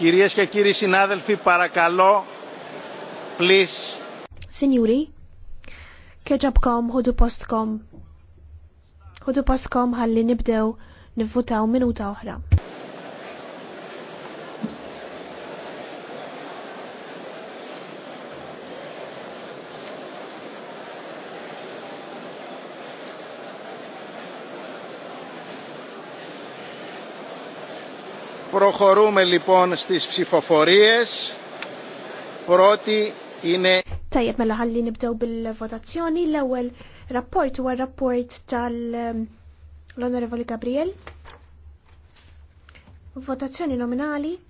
Κυρίες και κύριοι συνάδελφοι, παρακαλώ, please. Signori, keġabkom hudu postkom. Ħodu postkom ħalli nibdew nivvutaw minuta oħra. Προχωρούμε λοιπόν στις ψηφοφορίες. Πρώτη είναι... Tajjeb mela ħalli nibdew bil-votazzjoni. L-ewwel rapport huwa rapport tal-Onorevoli ehm, Gabriel. Votazzjoni nominali.